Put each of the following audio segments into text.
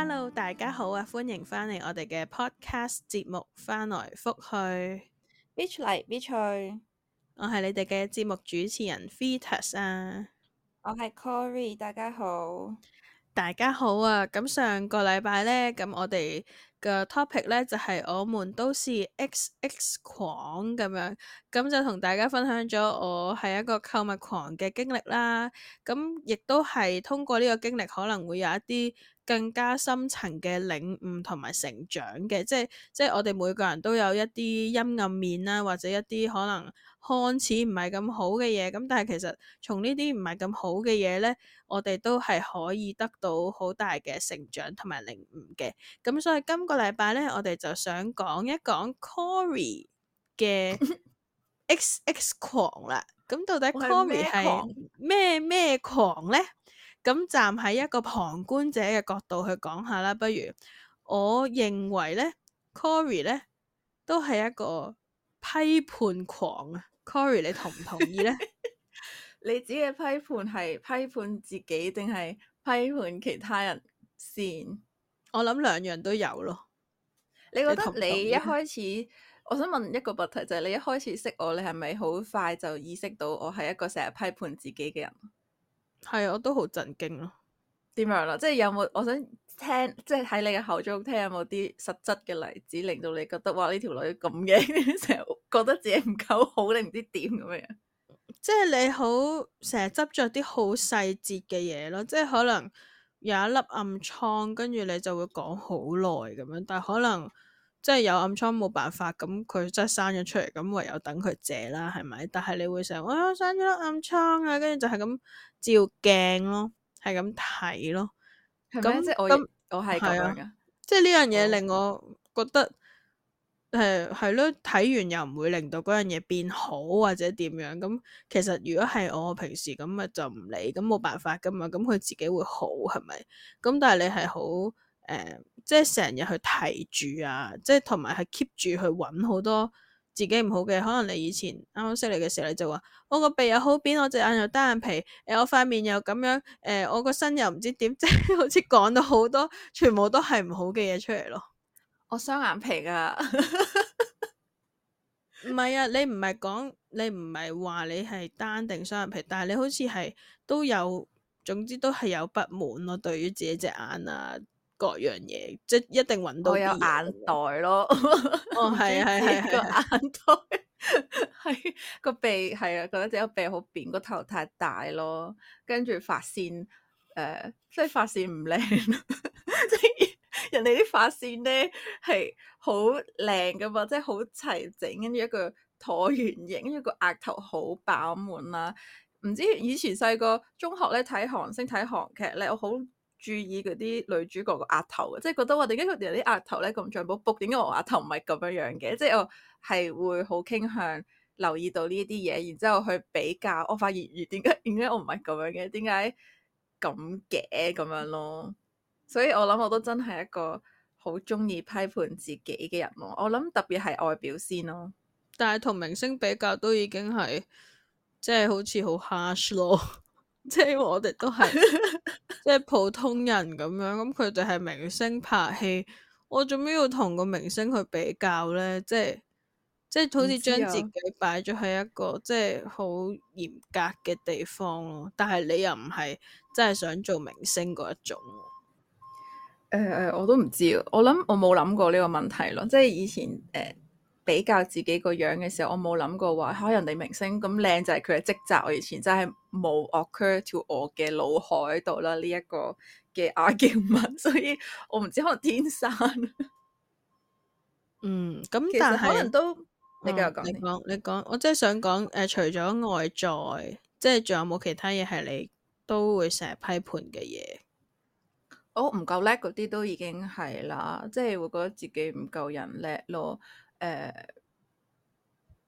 hello，大家好啊，歡迎翻嚟我哋嘅 podcast 節目翻來覆去，Beach 嚟 Beach 去。我係你哋嘅節目主持人 Vitas 啊，我係 Corey，大家好，大家好啊。咁上個禮拜呢，咁我哋嘅 topic 呢，就係、是、我們都是 X X 狂咁樣，咁就同大家分享咗我係一個購物狂嘅經歷啦。咁亦都係通過呢個經歷，可能會有一啲。更加深層嘅領悟同埋成長嘅，即係即係我哋每個人都有一啲陰暗面啦，或者一啲可能看似唔係咁好嘅嘢，咁但係其實從呢啲唔係咁好嘅嘢咧，我哋都係可以得到好大嘅成長同埋領悟嘅。咁所以今個禮拜咧，我哋就想講一講 Cory 嘅 XX 狂啦。咁到底 Cory 係咩咩狂咧？咁站喺一個旁觀者嘅角度去講下啦，不如我認為咧，Cory 咧都係一個批判狂啊，Cory 你同唔同意咧？ 你指嘅批判係批判自己定係批判其他人先？我諗兩樣都有咯。你覺得你一開始，同同我想問一個問題就係、是、你一開始識我，你係咪好快就意識到我係一個成日批判自己嘅人？係啊，我都好震驚咯。點樣啦？即係有冇？我想聽，即係喺你嘅口中聽有冇啲實質嘅例子，令到你覺得哇呢條女咁嘅，成日覺得自己唔夠好，定唔知點咁樣樣。即係你好成日執着啲好細節嘅嘢咯，即係可能有一粒暗瘡，跟住你就會講好耐咁樣，但係可能。即係有暗瘡冇辦法，咁佢真係生咗出嚟，咁唯有等佢借啦，係咪？但係你會成日、啊，我有生咗粒暗瘡啊，跟住就係咁照鏡咯，係咁睇咯，係即我我係咁樣即係呢樣嘢令我覺得係係咯，睇、嗯啊、完又唔會令到嗰樣嘢變好或者點樣。咁其實如果係我平時咁啊，就唔理，咁冇辦法噶嘛，咁佢自己會好係咪？咁但係你係好。誒、呃，即係成日去提住啊，即係同埋係 keep 住去揾好多自己唔好嘅。可能你以前啱啱識你嘅時候，你就話我個鼻又好扁，我隻眼又單眼皮，誒、呃，我塊面又咁樣，誒、呃，我個身又唔知點，即係好似講到好多，全部都係唔好嘅嘢出嚟咯。我雙眼皮啊，唔 係 啊，你唔係講，你唔係話你係單定雙眼皮，但係你好似係都有，總之都係有不滿咯，對於自己隻眼啊。各樣嘢，即係一定揾到。我有眼袋咯，哦係啊，係係個眼袋，係 個鼻係啊，覺得自己個鼻好扁，個頭太大咯。跟住髮線，誒、呃，即係髮線唔靚， 即係人哋啲髮線咧係好靚噶嘛，即係好齊整，跟住一個橢圓形，跟住個額頭好飽滿啦。唔知以前細個中學咧睇韓星睇韓劇咧，我好。注意嗰啲女主角個額頭，即係覺得我哋點解佢哋啲額頭咧咁像卜卜，o 點解我額頭唔係咁樣樣嘅？即係我係會好傾向留意到呢啲嘢，然之後去比較。我發現，咦，點解點解我唔係咁樣嘅？點解咁嘅咁樣咯？所以我諗，我都真係一個好中意批判自己嘅人咯。我諗特別係外表先咯。但係同明星比較，都已經係即係好似好 harsh 咯。即 係我哋都係。 即係普通人咁樣，咁佢哋係明星拍戲，我做咩要同個明星去比較咧？即係即係好似將自己擺咗喺一個即係好嚴格嘅地方咯。但係你又唔係真係想做明星嗰一種。誒誒、嗯嗯，我都唔知啊。我諗我冇諗過呢個問題咯。即係以前誒。嗯比較自己個樣嘅時候，我冇諗過話開、哦、人哋明星咁靚就係佢嘅職責。我以前真係冇 occur to 我嘅腦海度啦，呢、這、一個嘅 argument，所以我唔知可能天生。 嗯，咁、嗯、但係可能都、嗯、你繼續講、嗯，你講你講。我真係想講誒、呃，除咗外在，即係仲有冇其他嘢係你都會成日批判嘅嘢？我唔夠叻嗰啲都已經係啦，即、就、係、是、會覺得自己唔夠人叻咯。誒，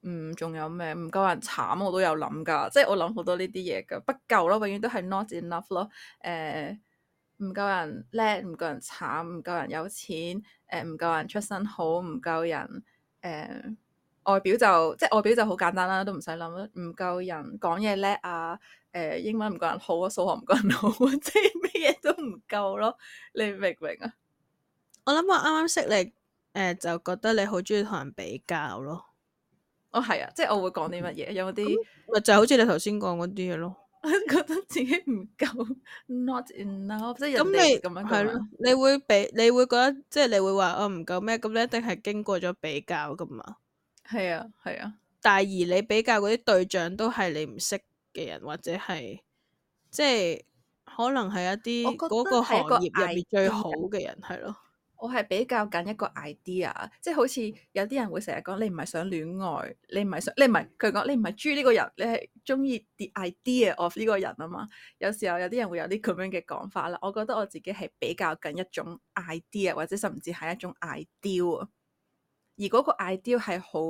唔，仲有咩唔夠人慘？我都有諗噶，即係我諗好多呢啲嘢噶，不夠咯，永遠都係 not enough 咯。誒，唔夠人叻，唔夠人慘，唔夠人有錢，誒，唔夠人出身好，唔夠人，誒，外表就即係外表就好簡單啦，都唔使諗啦，唔夠人講嘢叻啊，誒，英文唔夠人好啊，數學唔夠人好，即係咩嘢都唔夠咯，你明唔明啊？我諗我啱啱識你。誒、呃，就覺得你好中意同人比較咯。哦，係啊，即係我會講啲乜嘢，有啲？咪、嗯、就好似你頭先講嗰啲咯， 我覺得自己唔夠，not enough，即係你人哋咁樣講。係咯、啊，你會比，你會覺得，即係你會話我唔夠咩？咁、哦、你一定係經過咗比較噶嘛？係啊，係啊。大而你比較嗰啲對象都係你唔識嘅人，或者係即係可能係一啲嗰個行業入邊最好嘅人，係咯。我係比較緊一個 idea，即係好似有啲人會成日講你唔係想戀愛，你唔係想，你唔係佢講你唔係中意呢個人，你係中意啲 idea of 呢個人啊嘛。有時候有啲人會有啲咁樣嘅講法啦。我覺得我自己係比較緊一種 idea，或者甚至係一種 ideal，而嗰個 ideal 係好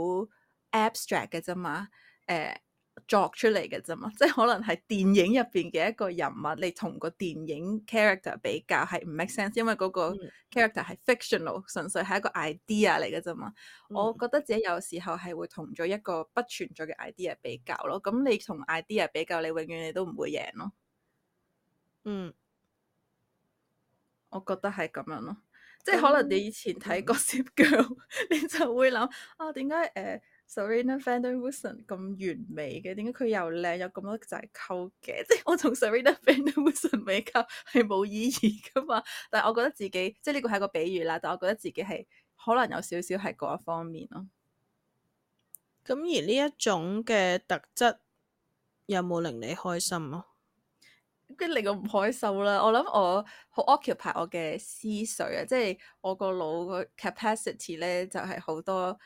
abstract 嘅啫嘛，誒、呃。作出嚟嘅啫嘛，即係可能係電影入邊嘅一個人物，你同個電影 character 比較係唔 make sense，因為嗰個 character 係 fictional，純粹係一個 idea 嚟嘅啫嘛。我覺得自己有時候係會同咗一個不存在嘅 idea 比較咯，咁你同 idea 比較，你永遠你都唔會贏咯。嗯，我覺得係咁樣咯，即係可能你以前睇 Gossip Girl，你就會諗啊，點解誒？呃 Sarina Van Den Wilson 咁完美嘅，點解佢又靚，又有咁多仔溝嘅？即係我同 Sarina Van Den Wilson 比較係冇意義噶嘛？但係我覺得自己即係呢個係個比喻啦，但我覺得自己係可能有少少係嗰一方面咯。咁而呢一種嘅特質有冇令你開心啊？跟令我唔開心啦！我諗我好 occupy 我嘅思緒啊，即係我個腦個 capacity 咧就係好多。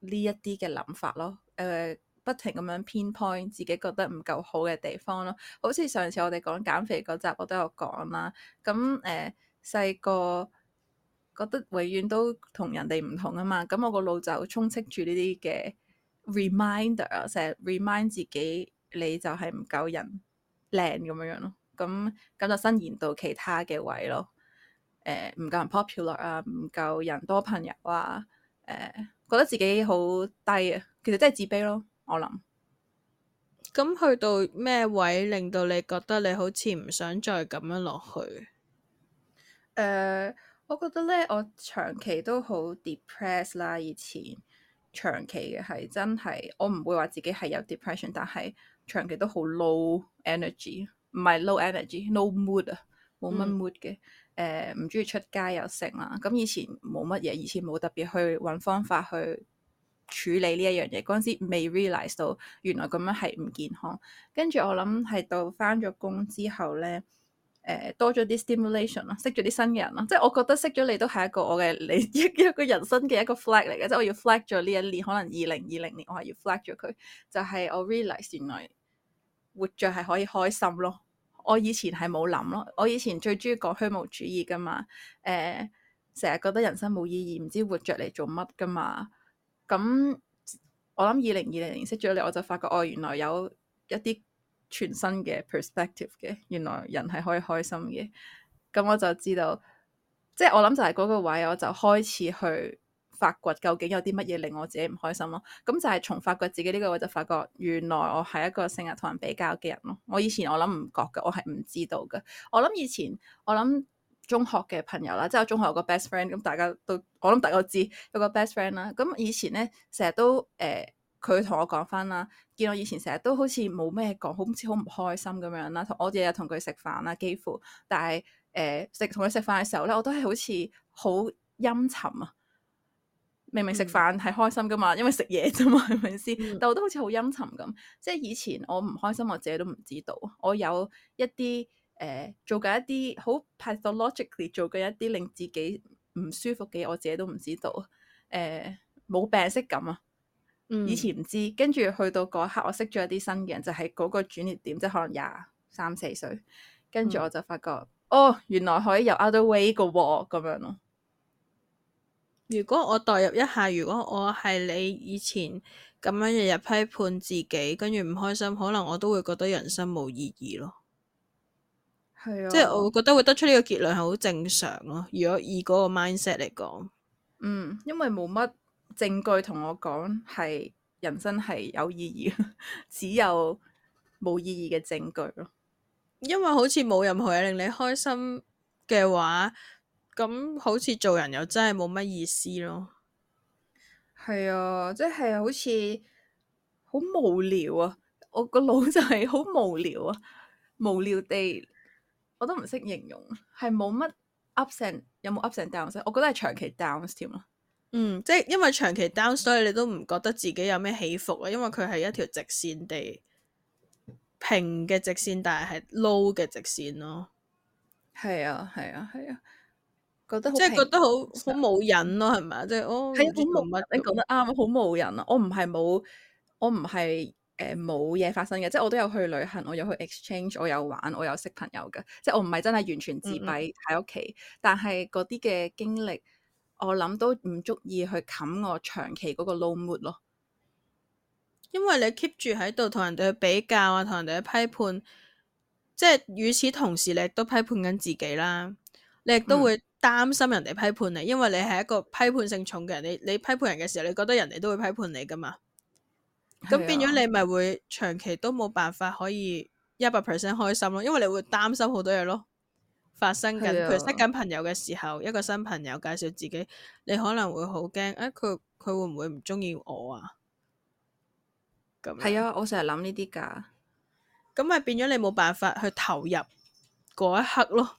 呢一啲嘅諗法咯，誒、呃、不停咁樣偏 point 自己覺得唔夠好嘅地方咯。好似上次我哋講減肥嗰集，我都有講啦。咁誒細個覺得永遠都同人哋唔同啊嘛。咁我個腦就充斥住呢啲嘅 reminder 啊，成日 remind 自己你就係唔夠人靚咁樣樣咯。咁咁就伸延到其他嘅位咯。誒、呃、唔夠人 popular 啊，唔夠人多朋友啊，誒、呃。覺得自己好低啊，其實真係自卑咯，我諗。咁去到咩位令到你覺得你好似唔想再咁樣落去？誒、呃，我覺得咧，我長期都好 depress 啦，以前長期嘅係真係，我唔會話自己係有 depression，但係長期都好 low energy，唔係 low energy，no mood 啊，冇乜 mood 嘅。誒唔中意出街又食啦，咁以前冇乜嘢，以前冇特別去揾方法去處理呢一樣嘢，嗰陣時未 realize 到原來咁樣係唔健康。跟住我諗係到返咗工之後咧，誒、呃、多咗啲 stimulation 咯，識咗啲新嘅人咯，即係我覺得識咗你都係一個我嘅你一個個人生嘅一個 flag 嚟嘅，即係我要 flag 咗呢一年，可能二零二零年我係要 flag 咗佢，就係、是、我 realize 原來活着係可以開心咯。我以前係冇諗咯，我以前最中意講虛無主義噶嘛，誒、呃，成日覺得人生冇意義，唔知活着嚟做乜噶嘛，咁我諗二零二零年識咗你，我就發覺哦、哎，原來有一啲全新嘅 perspective 嘅，原來人係可以開心嘅，咁我就知道，即係我諗就係嗰個位，我就開始去。發掘究竟有啲乜嘢令我自己唔開心咯、啊。咁就係從發掘自己呢個，我就發覺原來我係一個性格同人比較嘅人咯、啊。我以前我諗唔覺嘅，我係唔知道嘅。我諗以前我諗中學嘅朋友啦，即係我中學有個 best friend，咁大家都我諗大家都知有個 best friend 啦。咁以前咧，成日都誒，佢、呃、同我講翻啦，見我以前成日都好似冇咩講，好似好唔開心咁樣啦。同我日日同佢食飯啦，幾乎，但係誒、呃、食同佢食飯嘅時候咧，我都係好似好陰沉啊～明明食飯係開心噶嘛，因為食嘢啫嘛，係咪先？ 但我都好似好陰沉咁，即係以前我唔開心，我自己都唔知道。我有一啲誒、呃、做緊一啲好 pathologically 做緊一啲令自己唔舒服嘅，我自己都唔知道。誒、呃、冇病識咁啊！嗯、以前唔知，跟住去到嗰刻，我識咗一啲新嘅人，就係、是、嗰個轉捩點，即係可能廿三四歲，跟住我就發覺，嗯、哦，原來可以有 other way 嘅喎，咁樣咯。如果我代入一下，如果我係你以前咁樣日日批判自己，跟住唔開心，可能我都會覺得人生冇意義咯。係啊，即係我覺得會得出呢個結論係好正常咯。如果以嗰個 mindset 嚟講，嗯，因為冇乜證據同我講係人生係有意義，只有冇意義嘅證據咯。因為好似冇任何嘢令你開心嘅話。咁好似做人又真係冇乜意思咯，係啊，即係好似好無聊啊。我個腦就係好無聊啊，無聊地我都唔識形容，係冇乜 up 成有冇 up 成 down 成。我覺得係長期 down 添咯，嗯，即係因為長期 down，所以你都唔覺得自己有咩起伏啊，因為佢係一條直線地平嘅直線，但係係 low 嘅直線咯。係啊，係啊，係啊。覺得即係覺得好好冇癮咯，係咪啊？即係我喺動物，哦、 你講得啱，好冇癮啊！我唔係冇，我唔係誒冇嘢發生嘅，即係我都有去旅行，我有去 exchange，我有玩，我有識朋友嘅。即係我唔係真係完全自閉喺屋企，嗯嗯，但係嗰啲嘅經歷，我諗都唔足以去冚我長期嗰個 low mood 咯。因為你 keep 住喺度同人哋去比較啊，同人哋去批判，即係與此同時，你都批判緊自己啦。你亦都會擔心人哋批判你，因為你係一個批判性重嘅人，你你批判人嘅時候，你覺得人哋都會批判你噶嘛？咁變咗你咪會長期都冇辦法可以一百 percent 開心咯，因為你會擔心好多嘢咯。發生緊，譬如識緊朋友嘅時候，一個新朋友介紹自己，你可能會好驚，誒、啊，佢佢會唔會唔中意我啊？咁係啊，我成日諗呢啲噶。咁咪變咗你冇辦法去投入嗰一刻咯。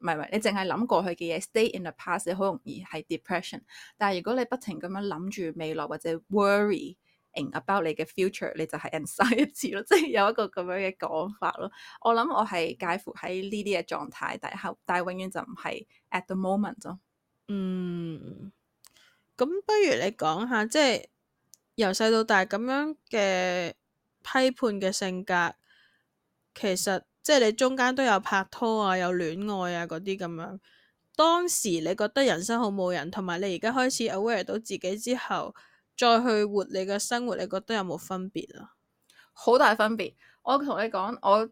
唔係唔係，你淨係諗過去嘅嘢，stay in the past，好容易係 depression。但係如果你不停咁樣諗住未來或者 worrying about 你嘅 future，你就係 insight 一次咯，即係有一個咁樣嘅講法咯。我諗我係介乎喺呢啲嘅狀態，但係但係永遠就唔係 at the moment 咯。嗯，咁不如你講下，即係由細到大咁樣嘅批判嘅性格，其實。即係你中間都有拍拖啊，有戀愛啊嗰啲咁樣。當時你覺得人生好冇人，同埋你而家開始 aware 到自己之後，再去活你嘅生活，你覺得有冇分別啊？好大分別！我同你講，我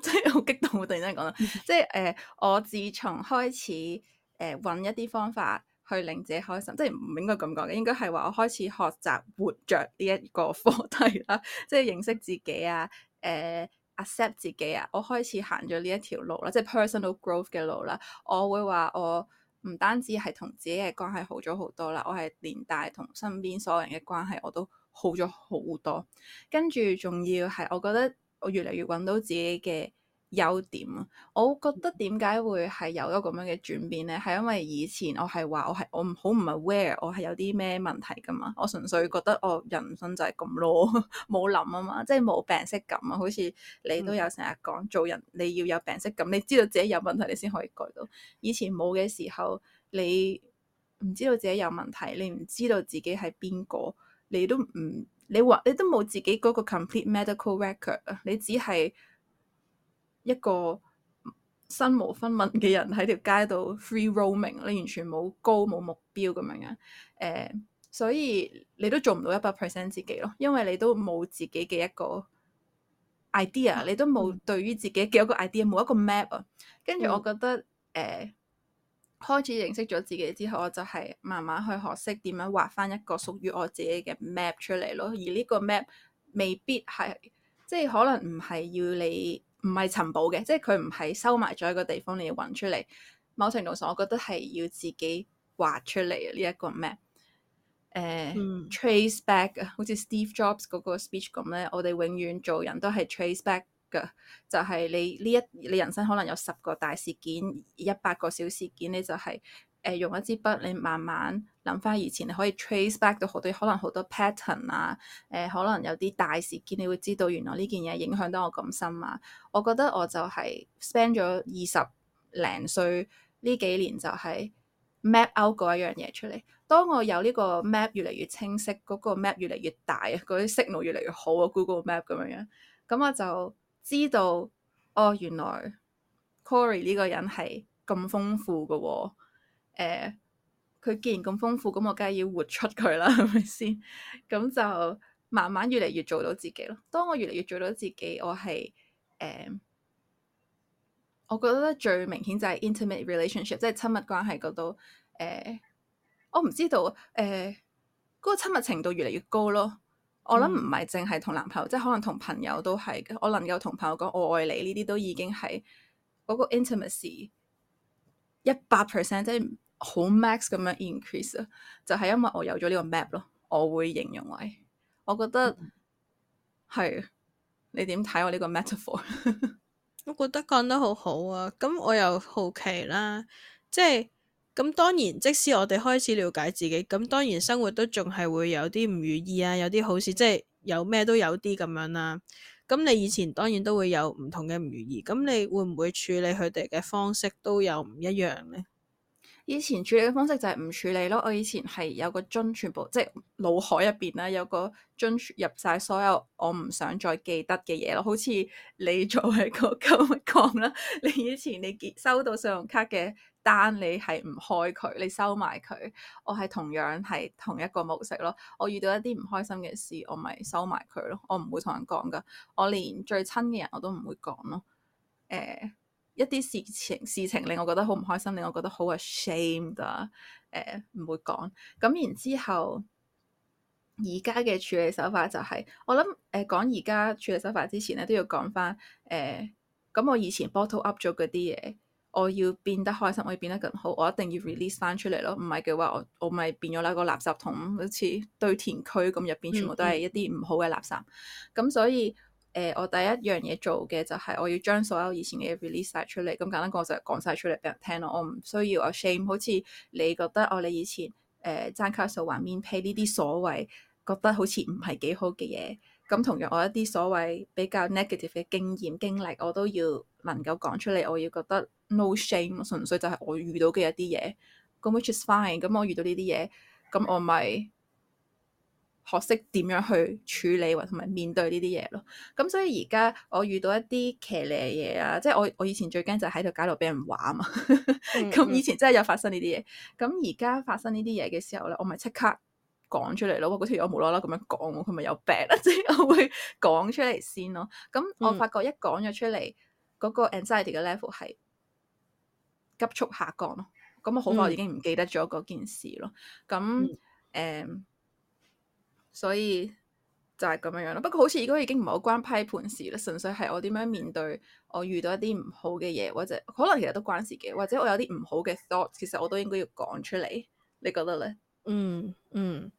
即係好激動，我突然間講啦， 即係誒、呃，我自從開始誒揾，呃、一啲方法去令自己開心，即係唔應該咁講嘅，應該係話我開始學習活着呢一個課題啦，即係認識自己啊，誒、呃。accept 自己啊！我開始行咗呢一條路啦，即係 personal growth 嘅路啦。我會話我唔單止係同自己嘅關係好咗好多啦，我係連帶同身邊所有人嘅關係我都好咗好多。跟住仲要係，我覺得我越嚟越揾到自己嘅優點啊！我覺得點解會係有一個咁樣嘅轉變咧？係因為以前我係話我係我唔好唔係 aware 我係有啲咩問題㗎嘛？我純粹覺得我、哦、人生就係咁囉冇諗啊嘛，即係冇病識感啊！好似你都有成日講做人你要有病識感，你知道自己有問題你先可以改到。以前冇嘅時候，你唔知道自己有問題，你唔知道自己係邊個，你都唔你話你都冇自己嗰個 complete medical record 啊！你只係。一個身無分文嘅人喺條街度 free roaming，你完全冇 goal，冇目標咁樣嘅誒，uh, 所以你都做唔到一百 percent 自己咯，因為你都冇自己嘅一個 idea，你都冇對於自己嘅一個 idea 冇一個 map 啊。跟住我覺得誒、嗯 uh, 開始認識咗自己之後，我就係慢慢去學識點樣畫翻一個屬於我自己嘅 map 出嚟咯。而呢個 map 未必係即係可能唔係要你。唔係尋寶嘅，即係佢唔係收埋咗一個地方你要揾出嚟。某程度上，我覺得係要自己挖出嚟呢一個咩？誒，呃，嗯，trace back 啊，好似 Steve Jobs 嗰個 speech 咁咧，我哋永遠做人都係 trace back 噶，就係，你呢一你人生可能有十個大事件，一百個小事件你就係。誒用一支筆，你慢慢諗翻以前，你可以 trace back 到好多可能好多 pattern 啊。誒、呃，可能有啲大事件，你會知道原來呢件嘢影響到我咁深啊。我覺得我就係 spend 咗二十零歲呢幾年，就係 map out 嗰一樣嘢出嚟。當我有呢個 map 越嚟越清晰，嗰、嗰個 map 越嚟越大啊，嗰啲 signal 越嚟越好啊，Google Map 咁樣樣。咁我就知道，哦，原來 Corey 呢個人係咁豐富嘅喎、哦。誒，佢既然咁豐富，咁我梗係要活出佢啦，係咪先？咁就慢慢越嚟越做到自己咯。當我越嚟越做到自己，我係誒，uh, 我覺得最明顯就係 intimate relationship，即係親密關係嗰度。誒，uh, 我唔知道誒，嗰個親密程度越嚟越高咯。我諗唔係淨係同男朋友，嗯，即係可能同朋友都係嘅。我能夠同朋友講我愛你呢啲，都已經係嗰個 intimacy 一百 percent，即係。好 max 咁樣 increase 啊，就係因為我有咗呢個 map 咯，我會形容為，我覺得係、嗯、你點睇我呢個 metaphor？ 我覺得講得好好啊。咁我又好奇啦，即係咁，當然即使我哋開始了解自己，咁當然生活都仲係會有啲唔如意啊，有啲好事，即係有咩都有啲咁樣啦、啊。咁你以前當然都會有唔同嘅唔如意，咁你會唔會處理佢哋嘅方式都有唔一樣咧？以前處理嘅方式就係唔處理咯。我以前係有個樽，全部即係腦海入邊啦，有個樽入晒所有我唔想再記得嘅嘢咯。好似你作為個金物講啦，你以前你收到信用卡嘅單，你係唔開佢，你收埋佢。我係同樣係同一個模式咯。我遇到一啲唔開心嘅事，我咪收埋佢咯。我唔會同人講㗎，我連最親嘅人我都唔會講咯。誒、欸。一啲事情事情令我覺得好唔開心，令我覺得好 ashamed，誒，啊，唔會講。咁然之後，而家嘅處理手法就係，我諗，誒，講而家處理手法之前咧，都要講翻誒。咁，呃，我以前 bottle up 咗嗰啲嘢，我要變得開心，我要變得更好，我一定要 release 翻出嚟咯。唔係嘅話，我我咪變咗啦，個垃圾桶好似堆填區咁，入邊全部都係一啲唔好嘅垃圾。咁，嗯嗯，所以。誒、呃，我第一樣嘢做嘅就係我要將所有以前嘅 release 晒出嚟，咁簡單講就係講晒出嚟俾人聽咯。我唔需要 ashame，好似你覺得我你以前誒爭、呃、卡數還面皮呢啲所謂覺得好似唔係幾好嘅嘢，咁同樣我一啲所謂比較 negative 嘅經驗經歷，我都要能夠講出嚟。我要覺得 no shame，純粹就係我遇到嘅一啲嘢，咁 which is fine、嗯。咁我遇到呢啲嘢，咁、嗯、我咪。學識點樣去處理或同埋面對呢啲嘢咯，咁所以而家我遇到一啲騎呢嘢啊，即係我，我以前最驚就係喺度搞到俾人玩啊嘛，咁 以前真係有發生呢啲嘢，咁而家發生呢啲嘢嘅時候咧，我咪即刻講出嚟咯，我嗰條友無啦啦咁樣講，佢咪有病、啊，即係我會講出嚟先咯。咁我發覺一講咗出嚟，嗰、嗯、個 anxiety 嘅 level 係急速下降咯，咁我好快已經唔記得咗嗰件事咯。咁誒。嗯嗯嗯所以就係咁樣樣咯。不過好似而家已經唔係好關批判事啦，純粹係我點樣面對我遇到一啲唔好嘅嘢，或者可能其實都關事嘅，或者我有啲唔好嘅 thought，其實我都應該要講出嚟。你覺得咧？嗯嗯，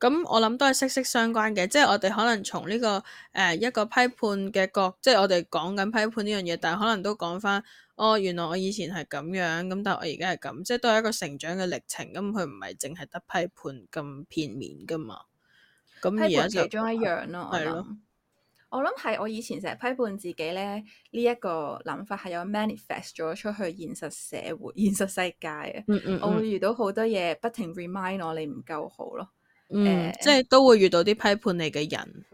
咁我諗都係息息相關嘅，即係我哋可能從呢個誒一個批判嘅角，即係我哋講緊批判呢樣嘢，但係可能都講翻哦，原來我以前係咁樣咁，但係我而家係咁，即係都係一個成長嘅歷程。咁佢唔係淨係得批判咁片面噶嘛。批判其中一樣咯，我諗，對了，我諗係我以前成日批判自己咧，呢一個諗法係有 manifest 咗出去現實社會、現實世界啊。嗯嗯嗯，我會遇到好多嘢，不停 remind 我你唔夠好咯。嗯 uh, 即係都會遇到啲批判你嘅人。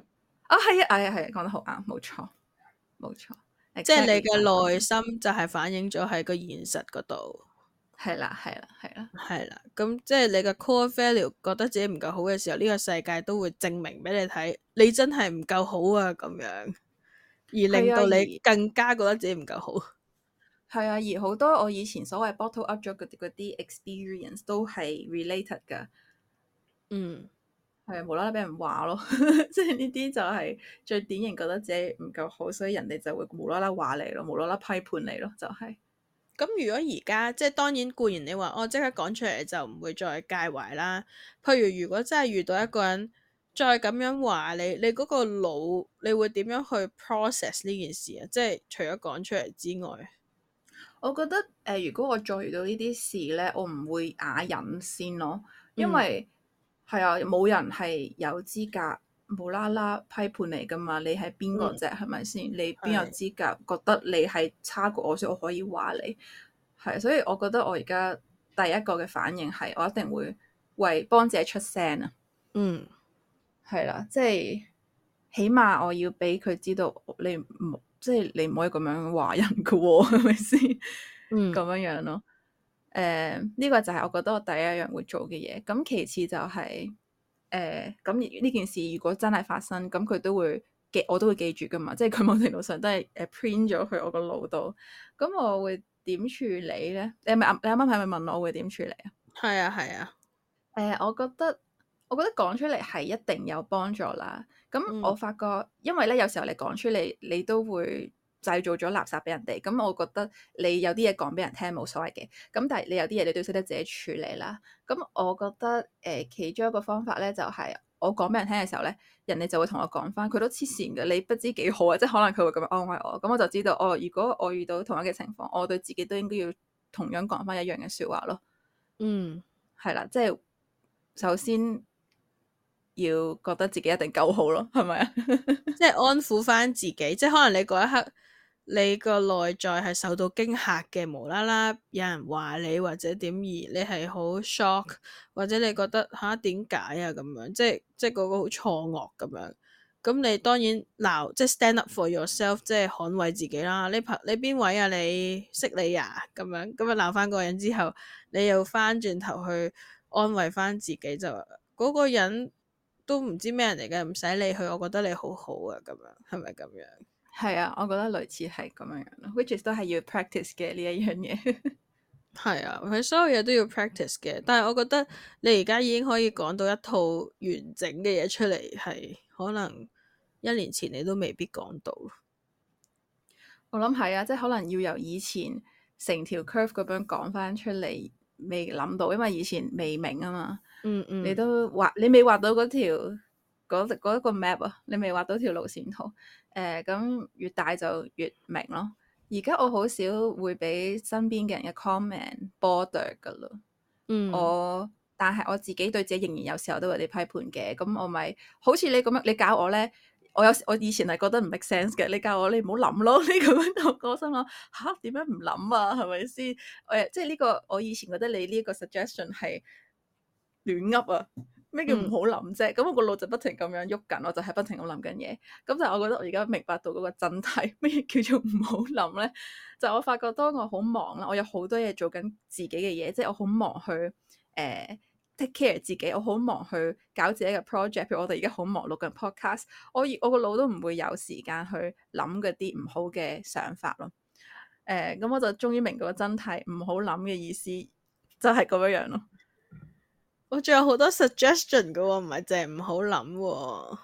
哦，係啊，係啊，係啊，講得好啱，冇錯，冇錯，即係你嘅內心就係反映咗喺個現實嗰度。係啦，係啦，係啦，係啦。咁即係你個 core failure，覺得自己唔夠好嘅時候，呢、這個世界都會證明俾你睇，你真係唔夠好啊！咁樣而令到你更加覺得自己唔夠好。係啊，而好多我以前所謂 bottle up 咗嘅嗰啲 experience 都係 related 噶。嗯，係啊，無啦啦俾人話咯，即係呢啲就係最典型覺得自己唔夠好，所以人哋就會無啦啦話你咯，無啦啦批判你咯，就係、是。咁如果而家即係當然固然你話哦即刻講出嚟就唔會再介懷啦。譬如如果真係遇到一個人再咁樣話你，你嗰個腦你會點樣去 process 呢件事啊？即係除咗講出嚟之外，我覺得誒、呃，如果我再遇到呢啲事咧，我唔會啞忍先咯，因為係、嗯、啊，冇人係有資格。無啦啦批判你噶嘛？你係邊個啫？係咪先？你邊有資格的覺得你係差過我先？所以我可以話你，係所以我覺得我而家第一個嘅反應係，我一定會為幫姐出聲啊！嗯，係啦，即係起碼我要俾佢知道，你唔即係你唔可以咁樣話人噶喎，係咪先？嗯，咁樣樣咯。誒，呢個就係我覺得我第一樣會做嘅嘢。咁其次就係、是。誒，咁呢、呃、件事如果真係發生，咁佢都會記，我都會記住噶嘛，即係佢某程度上都係誒 print 咗去我個腦度。咁我會點處理咧？你係咪你啱啱係咪問我會點處理啊？係啊，係啊。誒，我覺得，我覺得講出嚟係一定有幫助啦。咁我發覺，嗯、因為咧，有時候你講出嚟，你都會。製造咗垃圾俾人哋，咁我覺得你有啲嘢講俾人聽冇所謂嘅，咁但係你有啲嘢你都要識得自己處理啦。咁我覺得誒、呃、其中一個方法咧，就係、是、我講俾人聽嘅時候咧，人哋就會同我講翻，佢都黐線嘅，你不知幾好啊！即係可能佢會咁樣安慰我，咁我就知道哦。如果我遇到同一嘅情況，我對自己都應該要同樣講翻一樣嘅説話咯。嗯，係啦，即係首先要覺得自己一定夠好咯，係咪啊？ 即係安撫翻自己，即係可能你嗰一刻。你個內在係受到驚嚇嘅，無啦啦有人話你或者點而你係好 shock，或者你覺得嚇點解啊咁樣，即係即係嗰個好錯愕咁樣。咁你當然鬧，即係 stand up for yourself，即係捍衞自己啦。你朋你邊位啊？你識你呀、啊、咁樣，咁啊鬧翻嗰個人之後，你又翻轉頭去安慰翻自己就話嗰個人都唔知咩人嚟嘅，唔使理佢。我覺得你好好啊，咁樣係咪咁樣？是係啊，我覺得類似係咁樣樣咯 which is 都係要 practice 嘅呢一樣嘢。係 啊，佢所有嘢都要 practice 嘅。但係我覺得你而家已經可以講到一套完整嘅嘢出嚟，係可能一年前你都未必講到。我諗係啊，即係可能要由以前成條 curve 咁樣講翻出嚟，未諗到，因為以前未明啊嘛。嗯嗯，你都畫，你未畫到嗰條。嗰一個 map 啊，你未畫到條路線圖。誒、呃、咁越大就越明咯。而家我好少會俾身邊嘅人嘅 comment border 噶咯。嗯，我但係我自己對自己仍然有時候都有啲批判嘅。咁我咪好似你咁樣，你教我咧，我有我以前係覺得唔 make sense 嘅。你教我你唔好諗咯，你咁樣我我心諗吓？點解唔諗啊？係咪先？誒，即係呢個我以前覺得你呢個 suggestion 係亂噏啊！咩叫唔好諗啫？咁、嗯、我個腦就不停咁樣喐緊，我就係不停咁諗緊嘢。咁就我覺得我而家明白到嗰個真諦，咩叫做唔好諗咧？就我發覺當我好忙啦，我有好多嘢做緊自己嘅嘢，即、就、係、是、我好忙去誒、呃、take care 自己，我好忙去搞自己嘅 project。譬如我哋而家好忙錄緊 podcast，我我個腦都唔會有時間去諗嗰啲唔好嘅想法咯。誒、呃，咁我就終於明嗰個真諦，唔好諗嘅意思就係咁樣樣咯。我仲有多好多 suggestion 噶，唔係淨係唔好諗。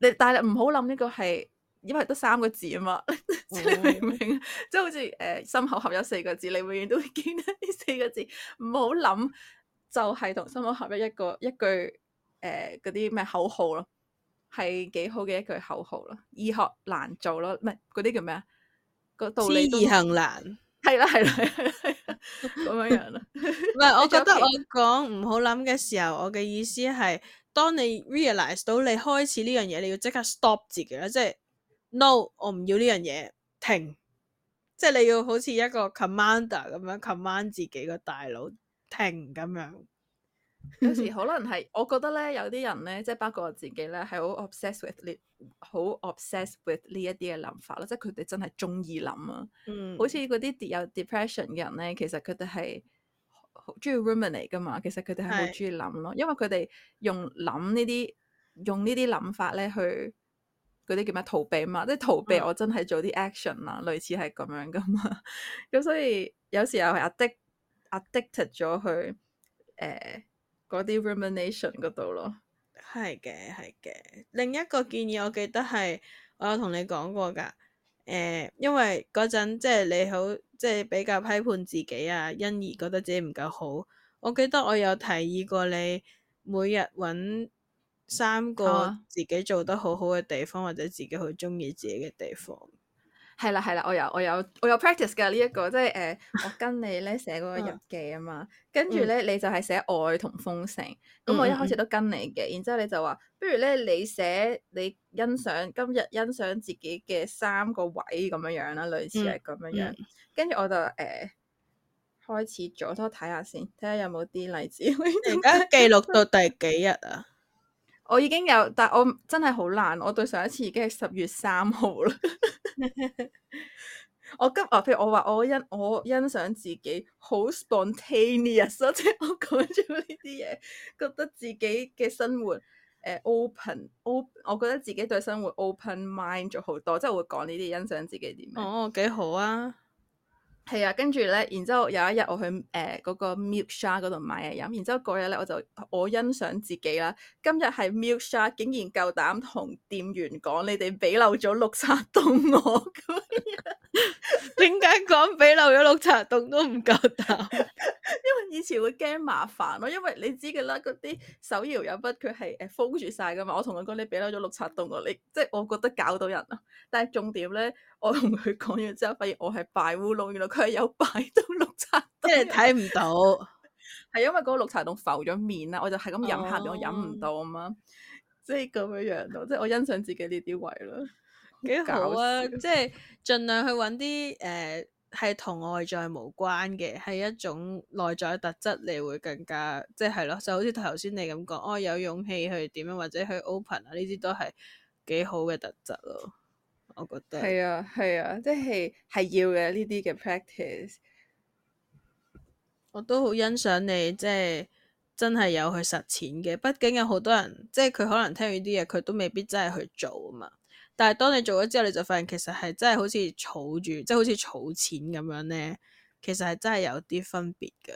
你但係唔好諗呢個係，因為得三個字啊嘛，oh. 你明唔白明？即 係好似誒、呃、心口合一有四個字，你永遠都會見得呢四個字。唔好諗就係、是、同心口合一一個一句誒嗰啲咩口號咯，係幾好嘅一句口號咯。易學難做咯，唔係嗰啲叫咩啊？嗰個、道理都易行難。係啦，係啦，係咁樣樣啦。唔係，我覺得我講唔好諗嘅時候，我嘅意思係，當你 realize 到你開始呢樣嘢，你要即刻 stop 自己啦，即係 no，我唔要呢樣嘢，停。即係你要好似一個 commander 咁樣 command 自己個大腦，停咁樣。 有時可能係我覺得咧，有啲人咧，即係包括我自己咧，係好 obsessed with 好 obsessed with 呢一啲嘅諗法咯。即係佢哋真係中意諗啊。嗯，好似嗰啲有 depression 嘅人咧，其實佢哋係好中意 ruminate 噶嘛。其實佢哋係好中意諗咯，是因為佢哋用諗呢啲，用呢啲諗法咧去嗰啲叫咩逃避嘛。即係逃避，嗯、我真係做啲 action 啊，類似係咁樣噶嘛。咁 所以有時候係 addict，addicted 咗去誒。呃嗰啲 rumination 度咯，係嘅，係嘅。另一個建議，我記得係我有同你講過噶，誒、呃，因為嗰陣即係你好，即係比較批判自己啊，因而覺得自己唔夠好。我記得我有提議過你，每日搵三個自己做得好好嘅地方，啊、或者自己好中意自己嘅地方。係啦係啦，我有我有我有 practice 嘅呢一，這個，即係誒，我跟你咧寫嗰個日記啊嘛，跟住咧你就係寫愛同豐盛，咁我一開始都跟你嘅，然之後你就話，不如咧你寫你欣賞今日欣賞自己嘅三個位咁樣樣啦，類似係咁樣樣，跟住我就誒開始咗，都睇下先，睇下有冇啲例子。而、嗯、家 記錄到第幾日啊？我已經有，但我真係好難。我對上一次已經係十月三號啦。 我今日，譬如我話我欣我欣賞自己好 spontaneous，即我講咗呢啲嘢，覺得自己嘅生活 open，open，呃，open，我覺得自己對生活 open mind 咗好多，即係會講呢啲欣賞自己點樣、哦。哦，幾好啊！係啊，跟住咧，然之後有一日我去誒嗰、呃嗰個 Milk Shark 度買嘢飲，然之後嗰日咧我就我欣賞自己啦。今日係 Milk Shark，竟然夠膽同店員講：你哋俾漏咗綠茶凍我。點解講俾漏咗綠茶凍都唔夠膽？ 因為以前會驚麻煩咯，因為你知嘅啦，嗰啲手搖飲品佢係誒封住晒嘅嘛。我同佢講：你俾漏咗綠茶凍我，你即係我覺得搞到人啊。但係重點咧。我同佢講完之後，發現我係擺烏龍，原來佢係有擺到綠茶，即係睇唔到，係 因為嗰個綠茶凍浮咗面啦，我就係咁飲下面，我飲唔到啊嘛，即係咁樣樣咯，即係我欣賞自己呢啲位咯，幾好啊！搞 即係盡量去搵啲誒，係、呃、同外在無關嘅，係一種內在特質，你會更加即係咯，就好似頭先你咁講，我、哦、有勇氣去點樣，或者去 open 啊，呢啲都係幾好嘅特質咯。我覺得係啊，係啊，即係係要嘅呢啲嘅 practice。Pract 我都好欣賞你，即係真係有去實踐嘅。畢竟有好多人，即係佢可能聽完啲嘢，佢都未必真係去做啊嘛。但係當你做咗之後，你就發現其實係真係好似儲住，即係好似儲錢咁樣咧，其實係真係有啲分別㗎。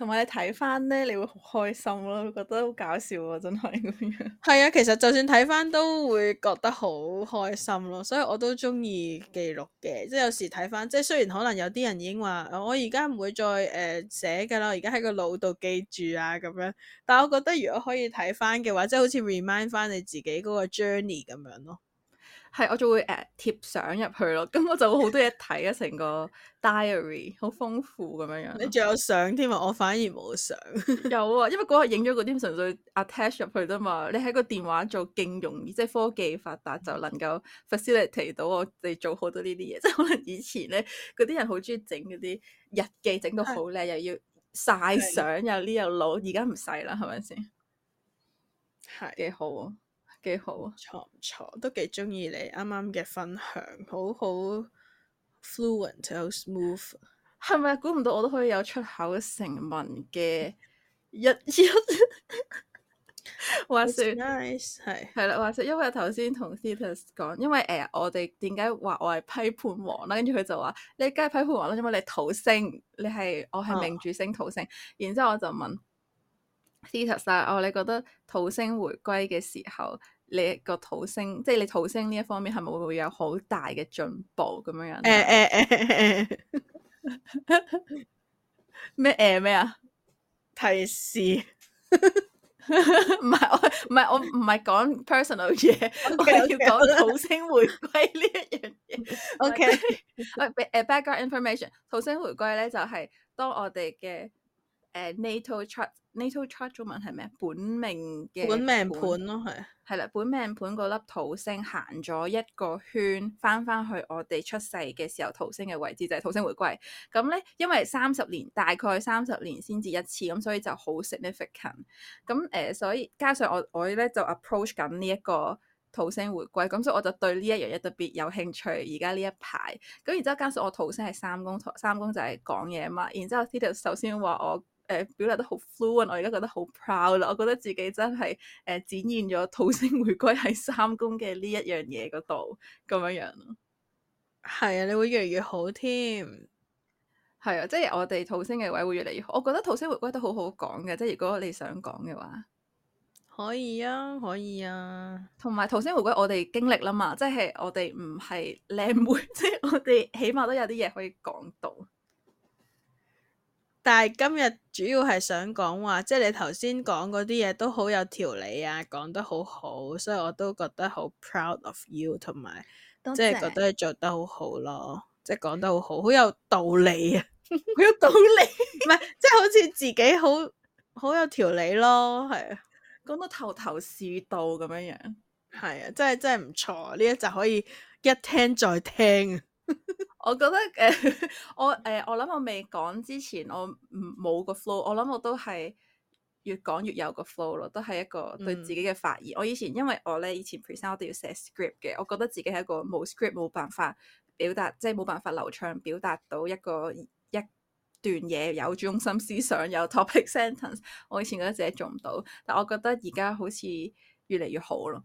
同埋你睇翻咧，你會好開心咯，覺得好搞笑啊，真係咁樣。係 啊，其實就算睇翻都會覺得好開心咯，所以我都中意記錄嘅，即係有時睇翻，即係雖然可能有啲人已經話、哦，我而家唔會再誒寫噶啦，我而家喺個腦度記住啊咁樣。但係我覺得如果可以睇翻嘅話，即係好似 remind 翻你自己嗰個 journey 咁樣咯。係，我就會誒貼相入去咯，咁我就會好多嘢睇啊，成 個 diary 好豐富咁樣樣。你仲有相添啊？我反而冇相。 有啊，因為嗰日影咗嗰啲純粹 attach 入去啫嘛。你喺個電話做勁容易，即係科技發達就能夠 facilitate 到我哋做好多呢啲嘢。即係可能以前咧，嗰啲人好中意整嗰啲日記，整到好靚，又要晒相，又呢又老。而家唔使啦，係咪先？係幾的好。啊。幾好，錯唔錯？都幾中意你啱啱嘅分享，好好 fluent，好 smooth。係咪？估唔到我都可以有出口成文嘅一日。 話說，係係啦，話說，因為頭先同 Theo 講，因為誒、呃，我哋點解話我係批判狂啦、啊？跟住佢就話你梗係批判狂啦、啊，因為你土星，你係我係名主星土、哦、星。然之後我就問。Titus 啊，我、哦、你覺得土星回歸嘅時候，你個土星，即係你土星呢一方面，係咪會有好大嘅進步咁樣啊？誒誒誒咩誒咩啊？欸欸欸 欸、提示唔係我唔係我唔係講 personal 嘢，我係要講土星回歸呢一樣嘢。OK，喂，background information，土星回歸咧就係、是、當我哋嘅。誒 natal chart natal chart 中文係咩？本命嘅本，本命盤咯，啊，係係啦，本命盤嗰粒土星行咗一個圈，翻翻去我哋出世嘅時候土星嘅位置就係、是、土星回歸。咁、嗯、咧，因為三十年大概三十年先至一次，咁所以就好 significant。咁、嗯、誒、呃，所以加上我我咧就 approach 緊呢一個土星回歸，咁所以我就對呢一樣嘢特別有興趣。而家呢一排，咁然之後加上我土星係三宮，三宮就係講嘢啊嘛。然之後呢度首先話我。誒表達得好 fluent，我而家覺得好 proud 啦！我覺得自己真係誒、呃、展現咗土星回歸喺三宮嘅呢一樣嘢嗰度咁樣樣咯。係啊， 你會越嚟越好添。係 啊，即係我哋土星嘅位會越嚟越好。我覺得土星回歸都好好講嘅，即係如果你想講嘅話，可以啊，可以啊。同埋土星回歸，我哋經歷啦嘛，即係我哋唔係靚妹，即係我哋起碼都有啲嘢可以講到。但係今日主要係想講話，即係你頭先講嗰啲嘢都好有條理啊，講得好好，所以我都覺得好 proud of you，同埋謝即係覺得你做得好好咯，即係講得好好，好有道理啊， 好有道理，唔係即係好似自己好好有條理咯，係啊，講得頭頭是道咁樣樣，係啊，真係真係唔錯，呢一集可以一聽再聽。 我覺得誒、呃，我誒、呃，我諗我未講之前，我冇個 flow。我諗我都係越講越有個 flow 咯，都係一個對自己嘅發言。嗯、我以前因為我咧，以前 present 我都要寫 script 嘅，我覺得自己係一個冇 script 冇辦法表達，即係冇辦法流暢表達到一個一段嘢有中心思想有 topic sentence。我以前覺得自己做唔到，但我覺得而家好似越嚟越好咯。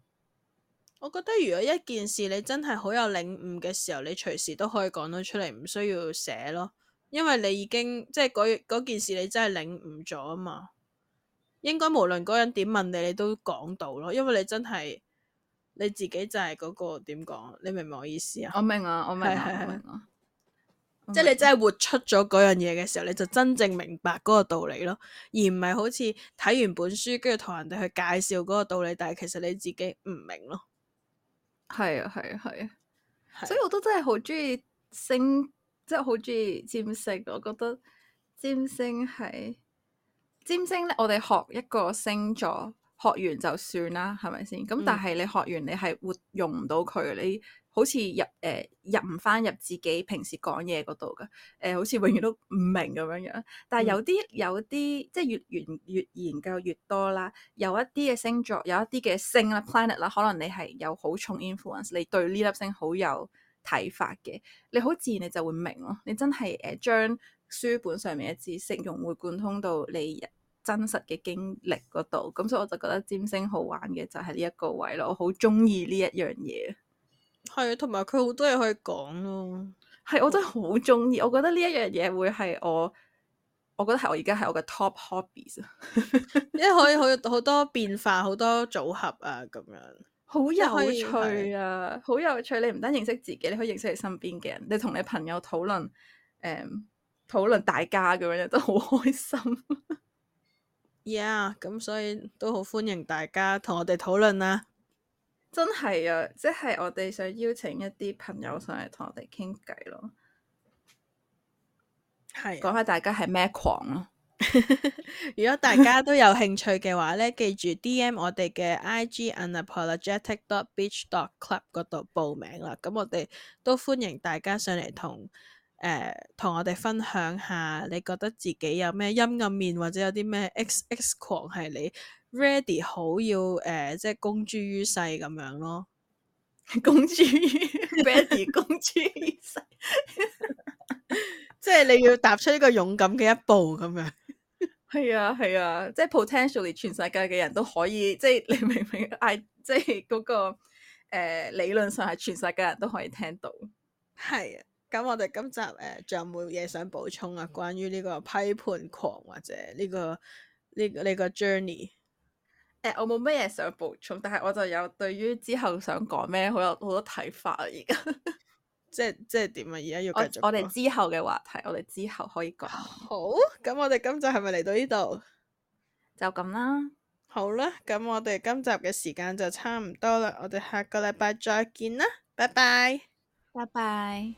我覺得如果一件事你真係好有領悟嘅時候，你隨時都可以講到出嚟，唔需要寫咯，因為你已經即係嗰件事你真係領悟咗啊嘛。應該無論嗰人點問你，你都講到咯，因為你真係你自己就係嗰個點講，你明唔明我意思啊？我明啊，我明啊，我明啊。即係你真係活出咗嗰樣嘢嘅時候，你就真正明白嗰個道理咯，而唔係好似睇完本書，跟住同人哋去介紹嗰個道理，但係其實你自己唔明咯。係啊係啊係啊，啊啊所以我都真係好中意星，即係好中意占星。我覺得占星係占星咧，我哋學一個星座學完就算啦，係咪先？咁但係你學完你係活用唔到佢，嗯、你。好似入誒、呃、入唔翻入自己平時講嘢嗰度嘅誒，好似永遠都唔明咁樣樣。但係有啲有啲即係越研越、越研究越多啦。有一啲嘅星座，有一啲嘅星啦、planet 啦，可能你係有好重 influence，你對呢粒星好有睇法嘅，你好自然你就會明咯、喔。你真係誒將書本上面嘅知識融會貫通到你真實嘅經歷嗰度咁，所以我就覺得占星好玩嘅就係呢一個位咯。我好中意呢一樣嘢。係，同埋佢好多嘢可以講咯。係，我真係好中意。我覺得呢一樣嘢會係我，我覺得係我而家係我嘅 top hobbies， 因為可以好好多變化，好多組合啊，咁樣好有趣啊，好有趣！你唔單認識自己，你可以認識你身邊嘅人，你同你朋友討論，誒、嗯，討論大家咁樣都好開心。 yeah，咁所以都好歡迎大家同我哋討論啦。真係啊！即係我哋想邀請一啲朋友上嚟同我哋傾偈咯。係講下，大家係咩狂咯、啊？ 如果大家都有興趣嘅話咧，記住 D M 我哋嘅 I G unapologetic dot beach dot club 嗰度報名啦。咁我哋都歡迎大家上嚟同誒、呃、同我哋分享下，你覺得自己有咩陰暗面，或者有啲咩 X X 狂係你。Ready 好要誒、呃，即係公諸於世咁樣咯。公諸於 Ready， 公諸於世， 即係你要踏出呢個勇敢嘅一步咁樣 啊。係啊係啊，即係 potentially 全世界嘅人都可以， 即係你明唔明？I 即係嗰、嗰個誒、呃，理論上係全世界人都可以聽到。係啊，咁我哋今集誒，仲、呃、有冇嘢想補充啊？關於呢個批判狂或者呢、呢個呢、呢個呢、呢個呢個 journey。欸、我冇咩嘢想補充，但係我就有對於之後想講咩好有好多睇法啊！而 家即係即係點啊？而家要繼續我哋之後嘅話題，我哋之後可以講。好，咁我哋今集係咪嚟到呢度就咁啦？好啦，咁我哋今集嘅時間就差唔多啦，我哋下個禮拜再見啦，拜拜，拜拜。